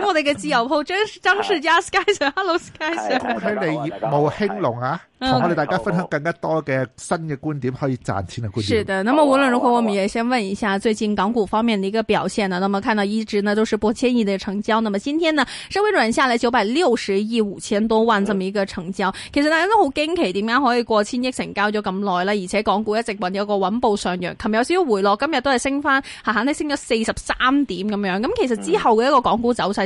好，我哋嘅自由鋪張張士佳 Skye，Hello，Skye，恭喜你業務興隆啊！同我哋大家分享更加多嘅新嘅觀點，可以賺錢嘅觀點。是嘅。那麼無論如何、啊啊啊，我們也先問一下最近港股方面嘅一個表現啦。那麼看到一直呢都是破千億嘅成交，那麼今天呢，稍微潤一下咧，九百六十億五千多萬咁一個成交。嗯、其實大家都好驚奇，點解可以過千億成交咗咁耐咧？而且港股一直穩有一個穩步上揚，琴日有少少回落，今日都係升翻，下下呢，升咗四十三點咁樣。咁其實之後嘅一個港股走勢。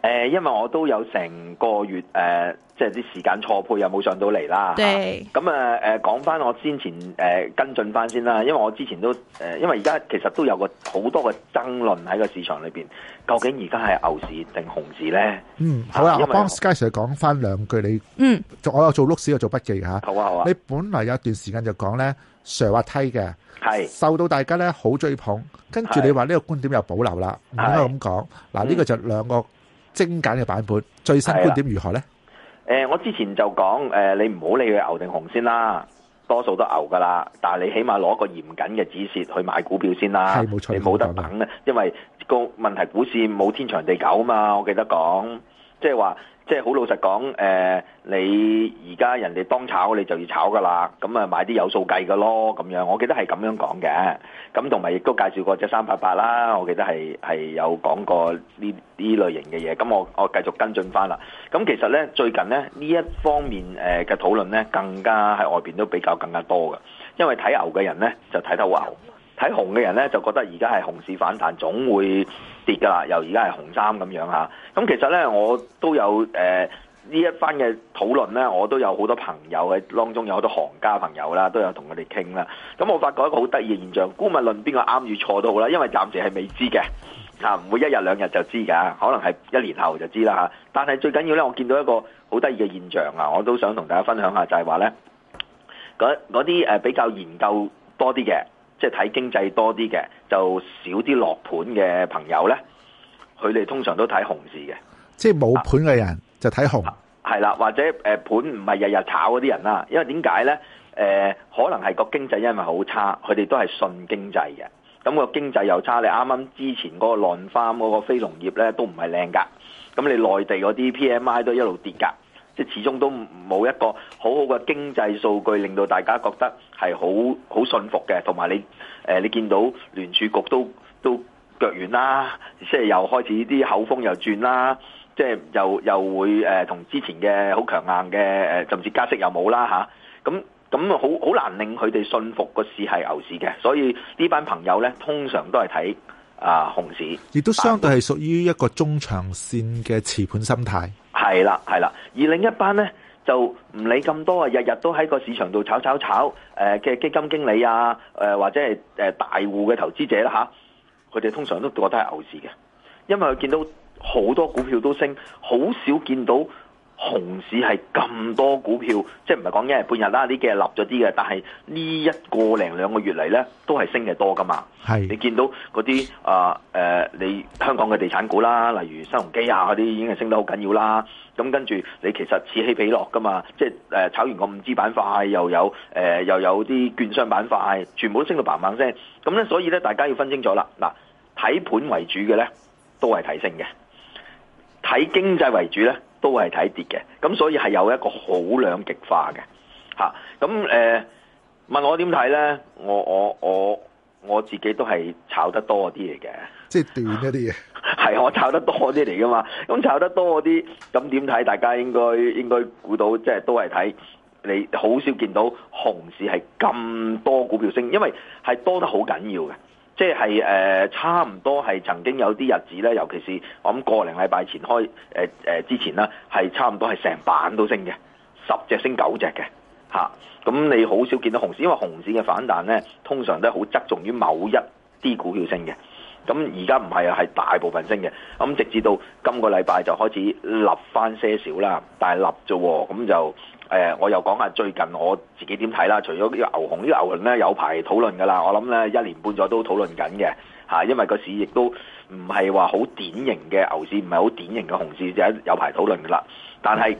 誒、呃，因為我都有成個月誒、呃，即係啲時間錯配又冇上到嚟啦。咁啊，誒、嗯，講、呃、翻我先前誒、呃、跟進翻先啦。因為我之前都誒、呃，因為而家其實都有個好多嘅爭論喺個市場裏邊，究竟而家係牛市定熊市咧？嗯，好啊，啊好啊，我幫 Sky Sir 講翻兩句你。嗯，我有做碌屎，有做筆記吓。好啊，好啊。你本來有一段時間就講咧，Sir 話梯嘅，係受到大家咧好追捧，跟住你話呢個觀點又保留、嗯、啦，應該咁講。嗱，呢個就兩個。嗯精簡嘅版本，最新觀點如何呢？誒、呃，我之前就講，誒、呃，你唔好理佢牛定熊先啦，多數都牛噶啦，但係你起碼攞個嚴謹嘅止蝕去買股票先啦，係冇錯，你冇得等嘅！因為個問題股市冇天長地久啊嘛，我記得講。即係話，即係好老實講，誒、呃，你而家人哋當炒，你就要炒噶啦，咁啊買啲有數計噶咯，咁樣。我記得係咁樣講嘅，咁同埋亦都介紹過隻三八八啦，我記得係係有講過呢呢類型嘅嘢。咁我我繼續跟進翻啦。咁其實咧最近咧呢一方面誒嘅討論咧更加喺外邊都比較更加多嘅，因為睇牛嘅人咧就睇得好牛。睇紅嘅人呢，就覺得而家係熊市反彈，總會跌噶啦。又而家係紅衫咁樣嚇。咁其實呢，我都有誒呢、呃、一番嘅討論呢，我都有好多朋友喺當中有好多行家朋友啦，都有同佢哋傾啦。咁我發覺一個好得意嘅現象，姑勿論邊個啱與錯都好啦，因為暫時係未知嘅，啊唔會一日兩日就知㗎，可能係一年後就知啦嚇。但係最緊要呢，我見到一個好得意嘅現象啊，我都想同大家分享一下，就係、是、話呢嗰啲比較研究多啲嘅。即係睇經濟多啲嘅，就少啲落盤嘅朋友咧。佢哋通常都睇紅字嘅，即係冇盤嘅人就睇紅。係、啊、啦、啊，或者誒盤唔係日日炒嗰啲人啦。因為點解咧？誒、呃，可能係個經濟因為好差，佢哋都係信經濟嘅。咁個經濟又差，你啱啱之前嗰個農番、嗰個非農業咧都唔係靚㗎。咁你內地嗰啲 PMI 都一路跌㗎。即始終都冇一個好好嘅經濟數據，令到大家覺得係好好信服嘅。同埋你誒，你見到聯儲局都都腳軟啦，即係又開始啲口風又轉啦，即係又又會誒同之前嘅好強硬嘅誒，甚至加息又冇啦嚇。咁咁好好難令佢哋信服個市係牛市嘅。所以呢班朋友呢，通常都係睇啊熊市，亦都相對係屬於一個中長線嘅持盤心態。係啦，係啦，而另一班呢，就唔理咁多啊，日日都喺個市場度炒炒炒，誒嘅基金經理啊，誒或者係誒大戶嘅投資者啦吓，佢哋通常都覺得係牛市嘅，因為佢見到好多股票都升，好少見到。熊市係咁多股票，即係唔係講一日半日啦，呢幾日立咗啲嘅，但係呢一個零兩個月嚟呢，都係升嘅多噶嘛。係你見到嗰啲啊，誒、呃呃，你香港嘅地產股啦，例如新鴻基啊嗰啲，已經係升得好緊要啦。咁跟住你其實此起彼落噶嘛，即係、呃、炒完個 5G 板塊，又有誒、呃，又有啲券商板塊，全部都升到嘭嘭聲。咁呢，所以呢，大家要分清楚啦。嗱，睇盤為主嘅呢，都係睇升嘅；睇經濟為主呢。都係睇跌嘅，咁所以係有一個好兩極化嘅，吓咁誒，問我點睇咧？我我我我自己都係炒得多啲嚟嘅，即係短一啲嘅，係 我炒得多啲嚟噶嘛。咁炒得多啲，咁點睇？大家應該應該估到，即係都係睇你，好少見到熊市係咁多股票升，因為係多得好緊要嘅。即係誒，差唔多係曾經有啲日子咧，尤其是我諗個零禮拜前開誒誒之前啦，係差唔多係成版都升嘅，十隻升九隻嘅嚇。咁、啊、你好少見到熊市，因為熊市嘅反彈咧，通常都係好側重於某一啲股票升嘅。咁而家唔係，係大部分升嘅。咁直至到今個禮拜就開始立翻些少啦，但係立咗喎。咁就誒，我又講下最近我自己點睇啦。除咗呢、呢個牛熊呢，呢個牛熊咧有排討論噶啦。我諗咧一年半載都討論緊嘅吓，因為個市亦都唔係話好典型嘅牛市，唔係好典型嘅熊市，就係有排討論噶啦。但係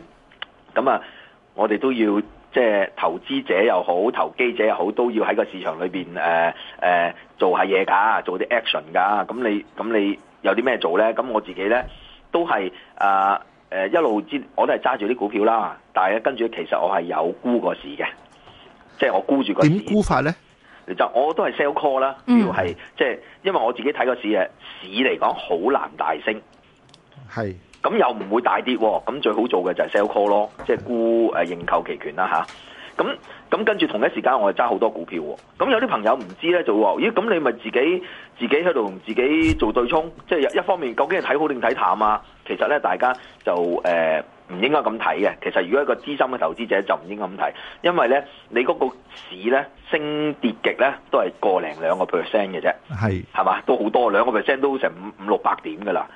咁啊，我哋都要。即係投資者又好，投機者又好，都要喺個市場裏邊誒誒做下嘢㗎，做啲 action 㗎。咁你咁你有啲咩做咧？咁我自己咧都係啊誒一路知我都係揸住啲股票啦，但係咧跟住其實我係有沽個市嘅，即係我沽住個點沽法咧？就我都係 sell call 啦，要係、嗯、即係因為我自己睇個市誒市嚟講好難大升，係。咁又唔會大跌喎、哦，咁最好做嘅就係 sell call 咯，即係沽誒認購期權啦吓，咁、啊、咁跟住同一時間，我就揸好多股票、哦。咁有啲朋友唔知咧就咦，咁你咪自己自己喺度同自己做對沖，即、就、係、是、一方面究竟係睇好定睇淡啊？其實咧，大家就誒唔、呃、應該咁睇嘅。其實如果一個資深嘅投資者就唔應該咁睇，因為咧你嗰個市咧升跌極咧都係過零兩個 percent 嘅啫，係係嘛，都好多兩個 percent 都，都成五五六百點㗎啦。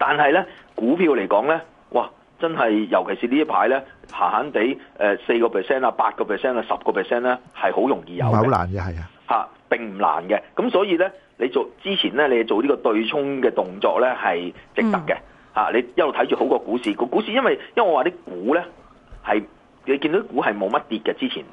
但係咧，股票嚟講咧，哇，真係尤其是呢一排咧，閒閒地，誒，四個 percent 啊，八個 percent 啊，十個 percent 咧，係好容易有嘅。好難嘅係啊，嚇，並唔難嘅。咁所以咧，你做之前咧，你做呢個對沖嘅動作咧，係值得嘅。嚇、嗯啊，你一路睇住好過股市個股市，股市因為因為我話啲股咧係你見到啲股係冇乜跌嘅之前，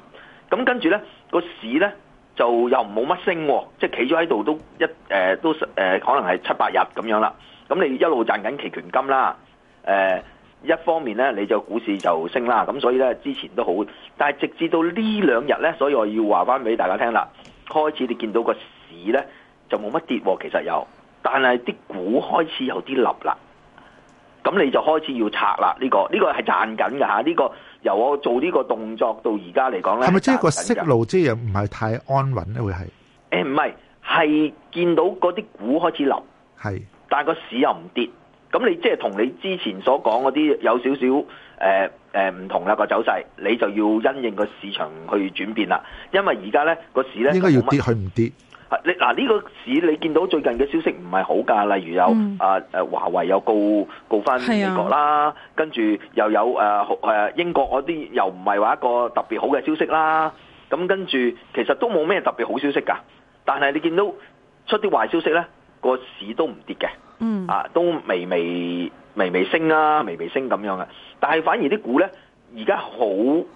咁跟住咧個市咧就又冇乜升、啊，即係企咗喺度都一誒都、呃呃呃、可能係七八日咁樣啦。咁你一路賺緊期權金啦，誒、呃、一方面咧你就股市就升啦，咁所以咧，之前都好，但係直至到兩呢兩日咧，所以我要話翻俾大家聽啦，開始你見到個市咧就冇乜跌、啊，其實有，但係啲股開始有啲落啦，咁你就開始要拆啦，呢、這個呢、這個係賺緊㗎、啊。呢、這個由我做呢個動作到而家嚟講咧，係咪即係個息路即係又唔係太安穩咧、啊？會係？唔、欸、係，係見到嗰啲股開始落，係。但個市又唔跌，咁你即係同你之前所講嗰啲有少少誒誒唔同啦個走勢，你就要因應個市場去轉變啦。因為而家呢個市咧應該要跌，佢唔跌。嗱、啊、呢、呢個市你見到最近嘅消息唔係好㗎，例如有、嗯、啊誒華為又告告翻美國啦，啊、跟住又有誒、啊啊、英國嗰啲又唔係話一個特別好嘅消息啦。咁跟住其實都冇咩特別好消息㗎，但係你見到出啲壞消息呢。個市都唔跌嘅，嗯、啊，都微微微微升啦，微微升咁、啊、樣嘅。但係反而啲股咧，而家好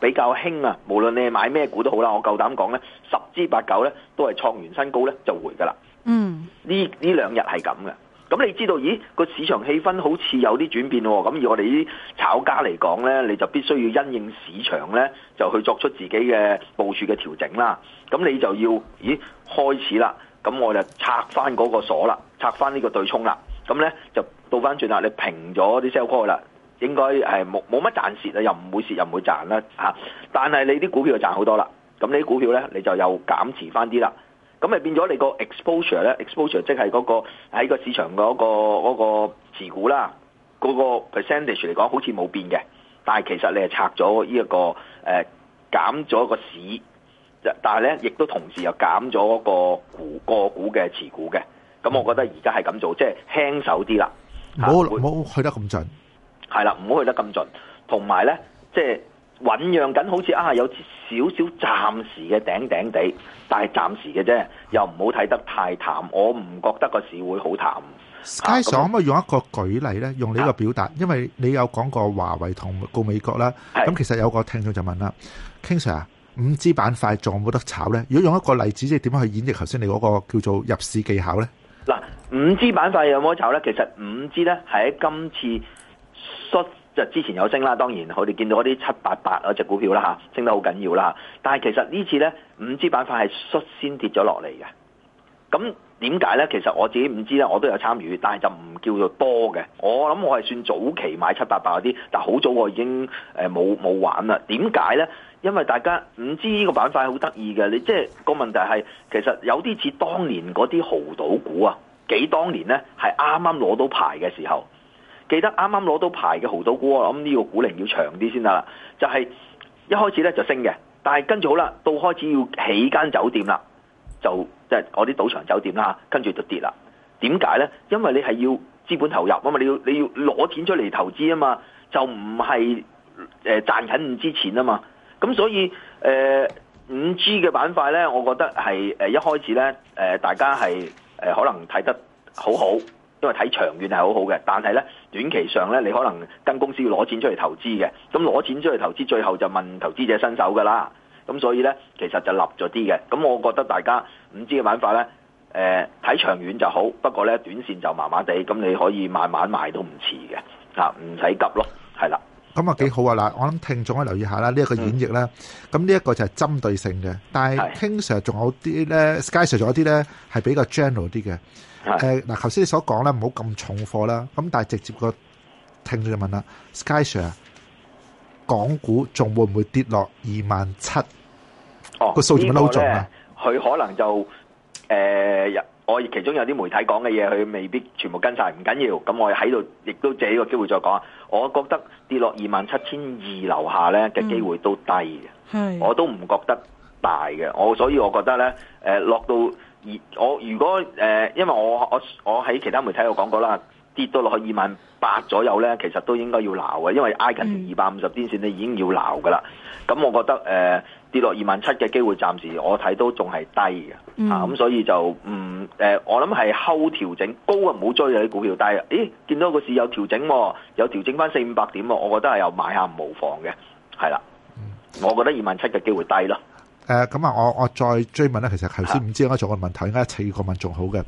比較輕啊。無論你係買咩股都好啦，我夠膽講咧，十之八九咧都係創完新高咧就回噶啦。嗯，呢呢兩日係咁嘅。咁你知道，咦個市場氣氛好似有啲轉變喎、哦。咁以我哋啲炒家嚟講咧，你就必須要因應市場咧，就去作出自己嘅部署嘅調整啦。咁你就要，咦開始啦。咁我就拆翻嗰個鎖啦，拆翻呢個對沖啦。咁咧就倒翻轉啦，你平咗啲 sell call 啦，應該係冇冇乜賺蝕啊，又唔會蝕又唔會賺啦嚇。但係你啲股票就賺好多啦。咁你啲股票咧你就又減持翻啲啦。咁咪變咗你個 exposure 呢 exposure、嗰個 exposure 咧，exposure 即係嗰個喺個市場嗰、嗰個嗰、嗰個持股啦，嗰、嗰個 percentage 嚟講好似冇變嘅，但係其實你係拆咗呢一個誒、呃、減咗個市。但係咧，亦都同時又減咗個股、個股嘅持股嘅，咁我覺得而家係咁做，即係輕手啲啦。唔好唔好去得咁盡，係啦，唔好去得咁盡。同埋咧，即係醖釀緊，好似啊有少少暫時嘅頂頂地，但係暫時嘅啫，又唔好睇得太淡。我唔覺得個市會好淡。佳上可唔可以用一個舉例咧？用呢個表達、啊，因為你有講過華為同告美國啦。咁其實有個聽眾就問啦 Kingsley 啊。五 G 板塊仲有冇得炒咧？如果用一個例子，即係點樣去演繹頭先你嗰個叫做入市技巧咧？嗱，五 G 板塊有冇得炒咧？其實五 G 咧係喺今次率就之前有升啦。當然佢哋見到嗰啲七八八嗰隻股票啦吓，升得好緊要啦。但係其實這次呢次咧，五 G 板塊係率先跌咗落嚟嘅。咁點解咧？其實我自己五 G 咧，我都有參與，但係就唔叫做多嘅。我諗我係算早期買七八八嗰啲，但係好早我已經誒冇冇玩啦。點解咧？因為大家唔知呢個板塊好得意嘅，你即係個問題係其實有啲似當年嗰啲豪賭股啊。幾當年呢係啱啱攞到牌嘅時候，記得啱啱攞到牌嘅豪賭股啊。我諗呢個股齡要長啲先得啦。就係一開始呢就升嘅，但係跟住好啦，到開始要起間酒店啦，就即係嗰啲賭場酒店啦，跟住就跌啦。點解呢？因為你係要資本投入啊嘛，你要你要攞錢出嚟投資啊嘛，就唔係誒賺緊唔知錢啊嘛。咁所以，誒五 G 嘅板塊呢，我覺得係一開始呢，呃、大家係、呃、可能睇得好好，因為睇長遠係好好嘅。但係呢，短期上呢，你可能跟公司要攞錢出嚟投資嘅。咁攞錢出去投資，最後就問投資者伸手噶啦。咁所以呢，其實就立咗啲嘅。咁我覺得大家五 G 嘅板塊呢，睇、呃、長遠就好，不過呢，短線就麻麻地。咁你可以慢慢買都唔遲嘅，嚇唔使急咯，係啦。咁啊，幾好啊！嗱，我諗聽眾可以留意下啦，呢一個演繹咧，咁呢一個就係針對性嘅，但係 King Sir 仲有啲咧，Sky Sir 仲有啲咧係比較 general 啲嘅。誒，嗱，頭先你所講咧，唔好咁重貨啦，咁但係直接個聽眾就問啦，Sky Sir 港股仲會唔會跌落二萬七？哦，個數字唔係好重啊，佢可能就誒。我其中有啲媒體講嘅嘢，佢未必全部跟晒。唔緊要。咁我喺度，亦都借呢個機會再講。我覺得跌落二萬七千二樓下呢嘅機會都低嘅、嗯，我都唔覺得大嘅。我所以我覺得呢、呃、落到我如果誒、呃，因為我我我喺其他媒體有講過啦。跌到落去二萬八左右咧，其實都應該要鬧嘅，因為挨近二百五十天線咧已經要鬧㗎喇。咁、嗯、我覺得誒、呃、跌落二萬七嘅機會，暫時我睇都仲係低嘅、嗯、啊。咁所以就唔誒、嗯呃，我諗係後調整高啊，唔好追嗰啲股票低。低。係咦，見到個市有調整、啊，有調整翻四五百點、啊，我覺得係有買下無妨嘅，係啦、嗯。我覺得二萬七嘅機會低咯。誒、呃，咁啊，我我再追問咧，其實頭先唔知應該做個問題，應該一次個問仲好嘅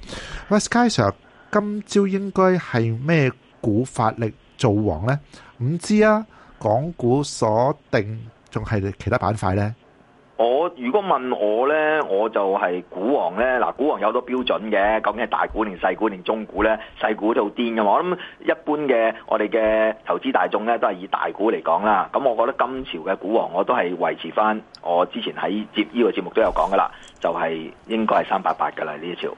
喂，SkySir。今朝應該係咩股發力做王呢？唔知啊，港股鎖定仲係其他板塊呢？我如果問我呢，我就係股王呢。嗱，股王有好多標準嘅，究竟係大股定細股定中股呢？細股就好癲噶嘛？我諗一般嘅我哋嘅投資大眾呢，都係以大股嚟講啦。咁我覺得今朝嘅股王，我都係維持翻我之前喺接呢個節目都有講噶啦，就係應該係三八八噶啦呢一朝。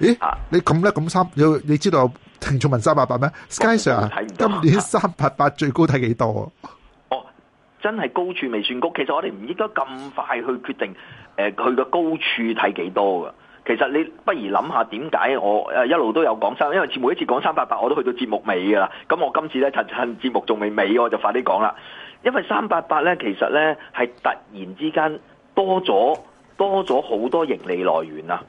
咦，你咁叻咁三，你知道有聽眾問三八八咩 Sky Sir 今年三八八最高睇幾多？哦、啊，真係高處未算高。其實我哋唔應該咁快去決定，誒，佢個高處睇幾多噶。其實你不如諗下點解我誒一路都有講三，因為前每一次講三八八，我都去到節目尾噶啦。咁我今次咧趁趁節目仲未尾，我就快啲講啦。因為三八八咧，其實咧係突然之間多咗多咗好多盈利來源啊。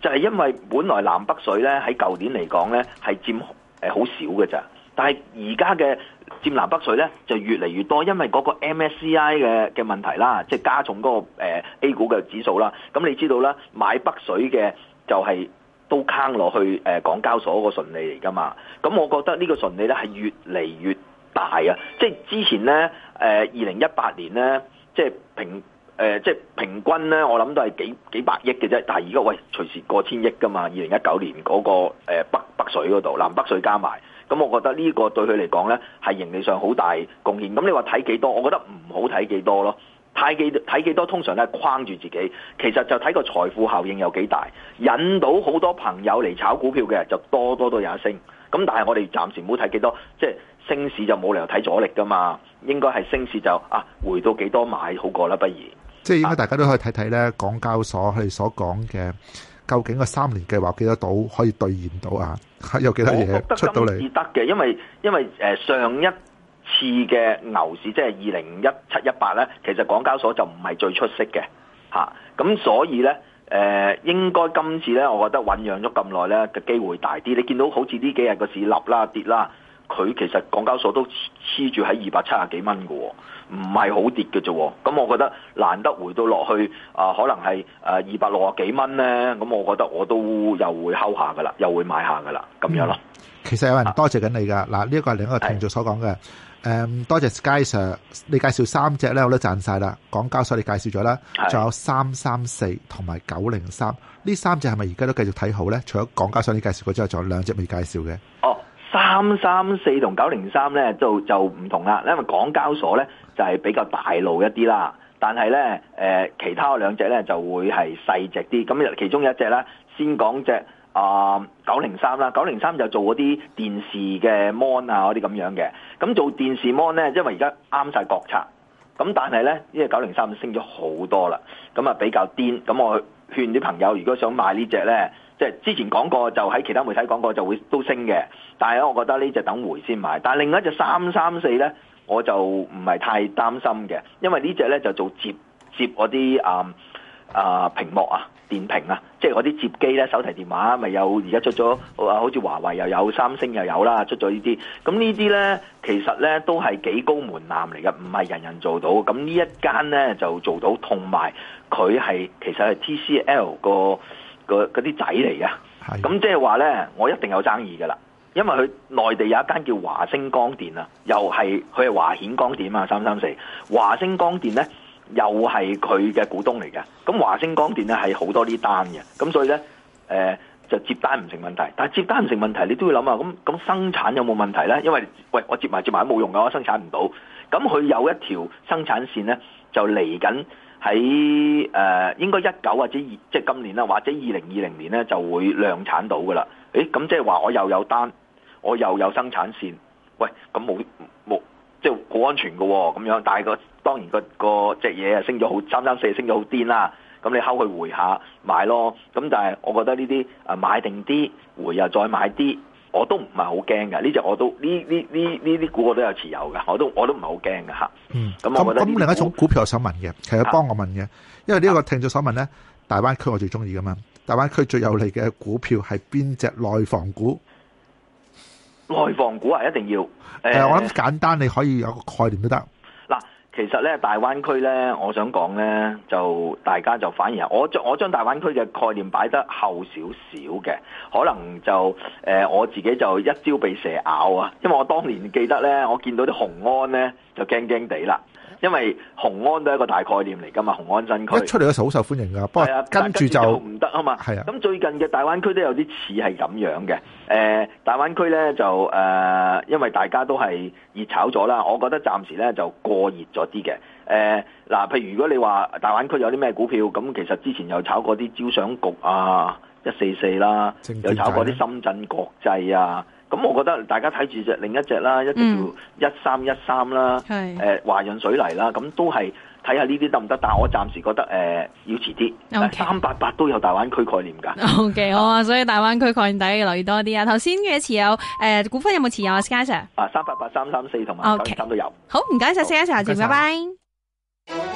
就係、是、因為本來南北水咧喺舊年嚟講咧係佔誒好、呃、少嘅咋，但係而家嘅佔南北水咧就越嚟越多，因為嗰個 MSCI 嘅嘅問題啦，即、就、係、是、加重嗰、那個、呃、A 股嘅指數啦。咁你知道啦，買北水嘅就係、是、都坑落去誒、呃、港交所的順的個順利嚟㗎嘛。咁我覺得呢個順利咧係越嚟越大啊！即、就、係、是、之前咧誒二零一八年咧，即、就、係、是、平。誒、呃、即係平均咧，我諗都係幾，幾百億嘅啫。但係而家喂隨時過千億噶嘛。二零一九年嗰、那個、呃、北北水嗰度，南北水加埋，咁我覺得呢個對佢嚟講咧係盈利上好大貢獻。咁你話睇幾多？我覺得唔好睇幾多咯。睇幾睇幾多通常咧框住自己。其實就睇個財富效應有幾大，引到好多朋友嚟炒股票嘅就多多都有一升。咁但係我哋暫時唔好睇幾多，即係升市就冇理由睇阻力噶嘛。應該係升市就啊回到幾多買好過啦，不如。即係應該大家都可以睇睇咧，港交所佢哋所講嘅，究竟個三年計劃幾多度可以兌現到啊？係有幾多嘢出到嚟？得嘅，因為因為誒上一次嘅牛市即係二零一七一八咧，其實港交所就唔係最出色嘅嚇。咁所以咧誒，應該今次咧，我覺得醖釀咗咁耐咧嘅機會大啲。你見到好似呢幾日個市立啦跌啦。佢其實港交所都黐住喺二百七呀幾蚊嘅，唔係好跌嘅啫。咁、嗯、我覺得難得回到落去啊、呃，可能係誒二百六呀幾蚊咧。咁、呃嗯、我覺得我都又會拋下嘅啦，又會買下嘅啦，咁樣咯、嗯。其實有人多謝緊你㗎。嗱、啊，呢、這、一個係另一個聽眾所講嘅。誒、嗯，多謝、Sky、Sir，你介紹三隻咧，我都賺晒啦。港交所你介紹咗啦，仲有334和903，這三三四同埋九零三呢三隻係咪而家都繼續睇好咧？除咗港交所你介紹過之外，仲有兩隻未介紹嘅。哦。三三四同九零三咧就就唔同啦，因為港交所咧就係、是、比較大路一啲啦，但係咧、呃、其他兩隻咧就會係細隻啲，咁其中一隻咧先講隻啊九零三啦，九零三就做嗰啲電視嘅 mon 啊嗰啲咁樣嘅，咁做電視 mon 咧，因為而家啱晒國策，咁但係咧呢隻九零三升咗好多啦，咁啊比較癲，咁我勸啲朋友如果想買隻呢隻咧。即係之前講過，就喺其他媒體講過就會都升嘅，但係咧，我覺得呢隻等回先買。但係另一隻三三四咧，我就唔係太擔心嘅，因為隻呢隻咧就做摺摺嗰啲啊啊屏幕啊電屏啊，即係嗰啲摺機咧，手提電話咪有而家出咗啊，好似華為又有三星又有啦，出咗呢啲。咁呢啲咧其實咧都係幾高門檻嚟嘅，唔係人人做到。咁呢一間咧就做到，同埋佢係其實係 TCL 個。嗰啲仔嚟嘅，咁即係話咧，我一定有爭議㗎啦。因為佢內地有一間叫華星光電啊，又係佢係華顯光電啊，三三四華星光電咧，又係佢嘅股東嚟嘅。咁華星光電咧係好多啲單嘅，咁所以咧、呃、就接單唔成問題。但接單唔成問題，你都要諗下：咁咁生產有冇問題咧？因為喂，我接埋接埋冇用噶，我生產唔到。咁佢有一條生產線咧，就嚟緊。喺誒、呃、應該一九或者二即係今年啦，或者二零二零年咧就會量產到噶啦。咁即係話我又有單，我又有生產線。喂，咁冇冇即係好安全喎、哦。咁樣。但係個當然、嗰個個隻嘢啊升咗好三三四，3, 3, 升咗好癲啦。咁你後去回下買咯。咁但係我覺得呢啲、呃、買定啲，回又再買啲。我都唔係好驚噶，呢隻我都呢呢呢呢啲股我都有持有㗎。我都我都唔係好驚噶吓。嗯、咁、嗯、咁另一種股票我想問嘅，其實幫我問嘅、啊，因為呢個聽眾所問咧、啊，大灣區我最中意噶嘛，大灣區最有利嘅股票係邊隻內房股？內、嗯、房股啊，一定要。誒、啊，我諗簡單你可以有個概念都得。嗱、啊。其實咧，大灣區咧，我想講咧，就大家就反而我，我將我將大灣區嘅概念擺得後少少嘅，可能就誒、呃、我自己就一朝被蛇咬啊，因為我當年記得咧，我見到啲紅安咧就驚驚地啦。因為雄安都係一個大概念嚟噶嘛，雄安新區出嚟嘅時候好受歡迎噶，不過跟住、啊、就唔得啊嘛。咁最近嘅大灣區都有啲似係咁樣嘅。誒、呃，大灣區咧就誒、呃，因為大家都係熱炒咗啦，我覺得暫時咧就過熱咗啲嘅。誒、呃，嗱，譬如如果你話大灣區有啲咩股票，咁其實之前有炒過啲招商局啊、一四四啦，有炒過啲深圳國際啊。咁我覺得大家睇住隻另一隻啦，嗯、一隻叫一三一三啦，誒、呃、華潤水泥啦，咁都係睇下呢啲得唔得？但我暫時覺得誒、呃、要遲啲。三八八都有大灣區概念㗎。O、okay, K，、啊、好啊，所以大灣區概念底要留意多啲啊。頭先嘅持有誒、呃、股份有冇持有啊 Sky Sir 啊，三八八三三四同埋九零三都有。好，唔該晒 Sky Sir，謝,謝,謝,謝,謝,謝拜拜。